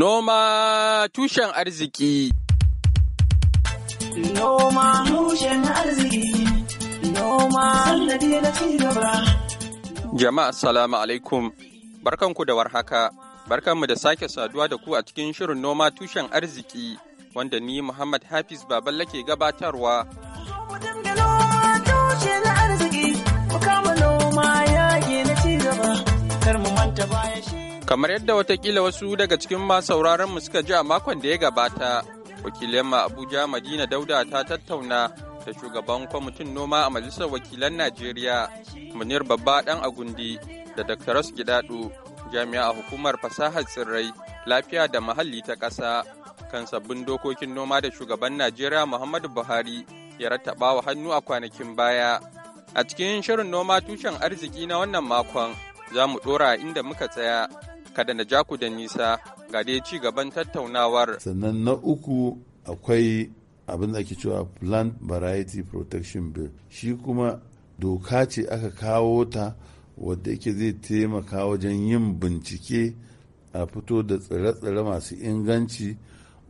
Noma tushen arziki. Jama'a salamu alaikum. Barkanku da warhaka. Barkanmu da sake saduwa da ku a cikin shirin noma tushen arziki wanda ni Muhammad Hafiz Baballa ke gabatarwa. Kamar yadda watakila wasu daga cikin masauraranmu mu suka ji a makon da ya gabata, wakilin ma Abuja Madina Dauda ta tattauna da shugaban kwamitin noma a Majalisar Wakilan Najeriya, Munir Babba Dan Agundi da Dr. Gidadu, jami'a a hukumar fasahar tsirrai, lafiya da muhalli ta ƙasa kan sabbin dokokin noma da shugaban Najeriya Muhammadu Buhari ya rattaba wa hannu a kwanakin baya. A cikin shirin noma tushen arziki na wannan makon, za mu ɗora inda muka tsaya kada na ja ku da nisa ga dai ci gaban tattaunawar. Sannan na uku akwai abin da ke cewa Plant Variety Protection Bill. Shi kuma doka ce aka kawo ta wadda yake zai taimaka wajen yin bincike a fito da tsire-tsire masu inganci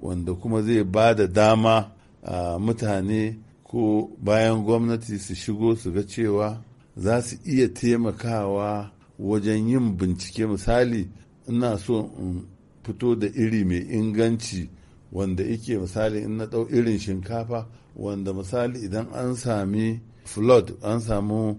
wanda kuma zai ba da dama a mutane ko bayan gwamnati su shigo su ga cewa za su iya taimakawa wajen yin bincike misali ina so in fito da iri mai inganci wanda yake misali in na ɗau irin shinkafa wanda misali idan an sami flood an samu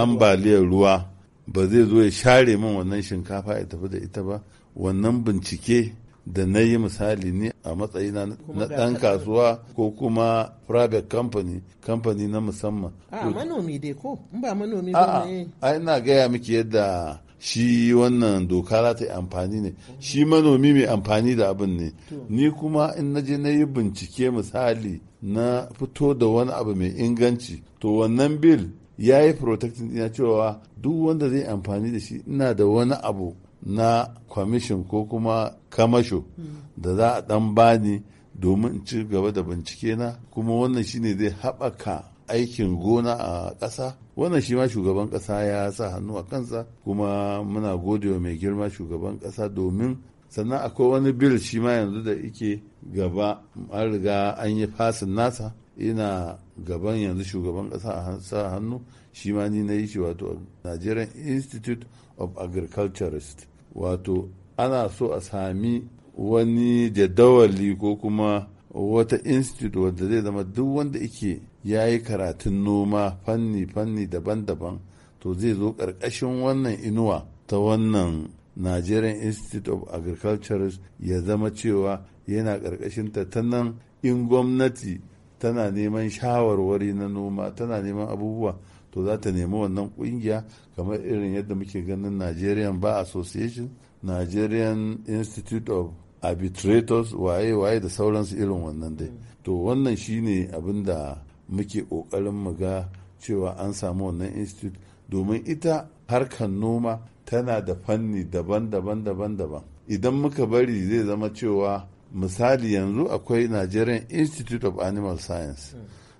ambaliyar ruwa ba zai zo ya share min wannan shinkafa ya tafi da ita ba wannan bincike da na yi misali ne a matsayina na ɗan kasuwa ko kuma private company company na musamman. A manomi dai ko in ba manomi ba ne. A ina gaya miki yadda shi wannan doka za ta yi amfani ne shi manomi mai amfani da abin ne ni kuma in na je na yi bincike misali na fito da wani abu mai inganci to wannan bil ya yi protecting ina cewa duk wanda zai amfani da shi ina da wani abu na kwamishin ko kuma kamasho hmm. da za a dan bani domin in ci gaba da bincike na kuma wannan shine zai haɓaka aikin gona a ƙasa wannan shi ma shugaban kasa ya sa hannu a kansa kuma muna gode wa mai girma shugaban kasa domin sannan akwai wani bil shi ma yanzu da ike gaba an riga an yi fasin nasa ina gaban yanzu shugaban kasa a sa hannu shi ma ni na yi shi wato nigerian institute of agriculturist wato ana so a sami wani jadawali ko kuma wata institute wanda zai zama duk wanda ike ya yi karatun noma fanni-fanni daban-daban to zai zo ƙarƙashin wannan inuwa ta wannan nigerian institute of agriculture ya zama cewa yana ƙarƙashin ta nan in gwamnati tana neman shawarwari na noma tana neman abubuwa to za ta nemi wannan ƙungiya kamar irin yadda muke ganin nigerian ba association nigerian institute of arbitrators waye-waye da sauransu irin wannan dai mm. to wannan shine abin da muke ƙoƙarin mu ga cewa an samu wannan institute domin ita harkar noma tana da fanni daban-daban daban-daban idan muka bari zai zama cewa misali yanzu akwai nigerian institute of animal science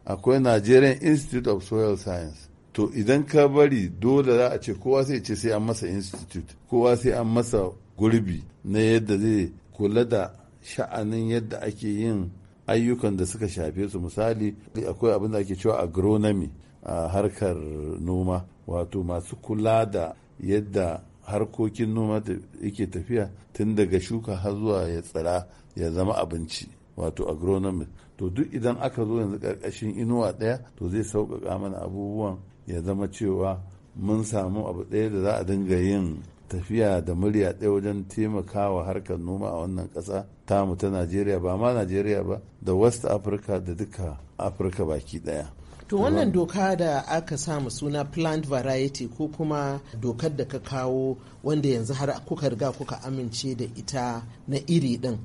akwai nigerian institute of soil science to idan ka bari dole za a ce kowa sai ce sai an masa institute kowa sai an masa gurbi na yadda zai kula da sha'anin yadda ake yin ayyukan da suka shafe su misali akwai abin da ake cewa agronomy a harkar noma wato masu kula da yadda harkokin noma yake tafiya tun daga shuka har zuwa ya tsira ya zama abinci wato agronomy to duk idan aka zo yanzu karkashin inuwa ɗaya to zai sauƙaƙa mana abubuwan ya zama cewa mun samu abu ɗaya da za a dinga yin tafiya da murya ɗaya wajen taimakawa harkar noma a wannan ƙasa tamu ta najeriya ba ma najeriya ba da west africa da duka afirka baki ɗaya to wannan doka da aka samu suna plant variety ko kuma dokar da ka kawo wanda yanzu har kuka riga kuka amince da ita na iri ɗin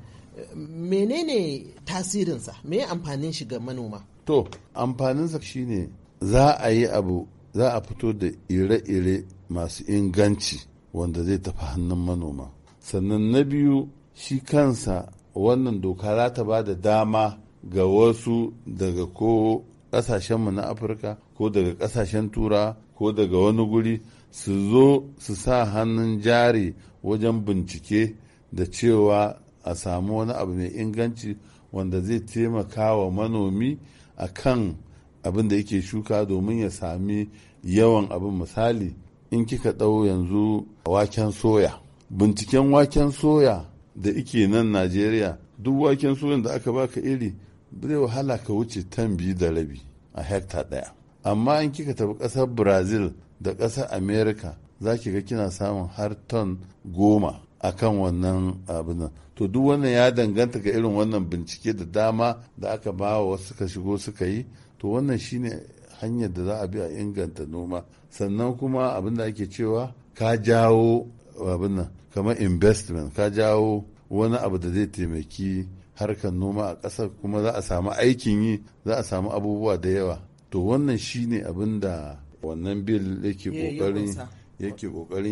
menene tasirinsa me amfanin shi ga manoma to amfaninsa ne za a yi abu za a fito da ire-ire masu inganci wanda zai tafi hannun manoma sannan na biyu shi kansa wannan doka za ta ba da dama ga wasu daga ko ƙasashenmu na afirka ko daga ƙasashen tura ko daga wani guri su zo su sa hannun jari wajen bincike da cewa a samu wani abu mai inganci wanda zai taimaka wa manomi a kan abin da yake shuka domin ya sami yawan abin misali in kika ɗau yanzu waken soya binciken waken soya da ike nan najeriya duk waken soya da aka baka iri zai wahala ka wuce tan biyu da rabi a hekta ɗaya amma in kika tafi ƙasar brazil da ƙasar america za ki ga kina samun har ton goma a kan wannan abin nan to duk wannan ya danganta ga irin wannan bincike da dama da aka ba wa wasu suka shigo suka yi to wannan shine hanyar da za a bi a inganta noma sannan kuma abin da ake cewa ka jawo abin nan kamar investment ka jawo wani abu da zai taimaki harkar noma a ƙasar kuma za a samu aikin yi za a samu abubuwa da yawa to wannan shine abin da wannan bil yake kokarin yake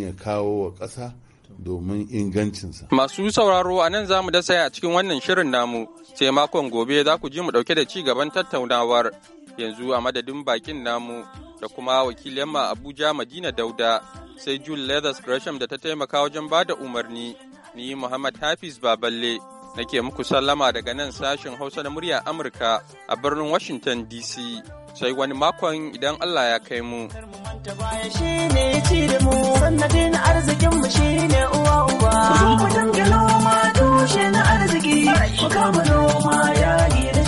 ya kawo wa ƙasa domin ingancinsa. Masu sauraro a nan za mu dasa a cikin wannan shirin namu sai makon gobe za ku ji mu ɗauke da ci gaban tattaunawar yanzu a madadin bakin namu da kuma wakilin ma Abuja Madina Dauda sai Jul Leathers Gresham da ta taimaka wajen ba da umarni ni Muhammad Hafiz Baballe nake muku sallama daga nan sashen Hausa na murya Amurka a birnin Washington DC sai wani makon idan Allah ya kai mu sannadin arzikin mu dangalo ma tushe na arziki noma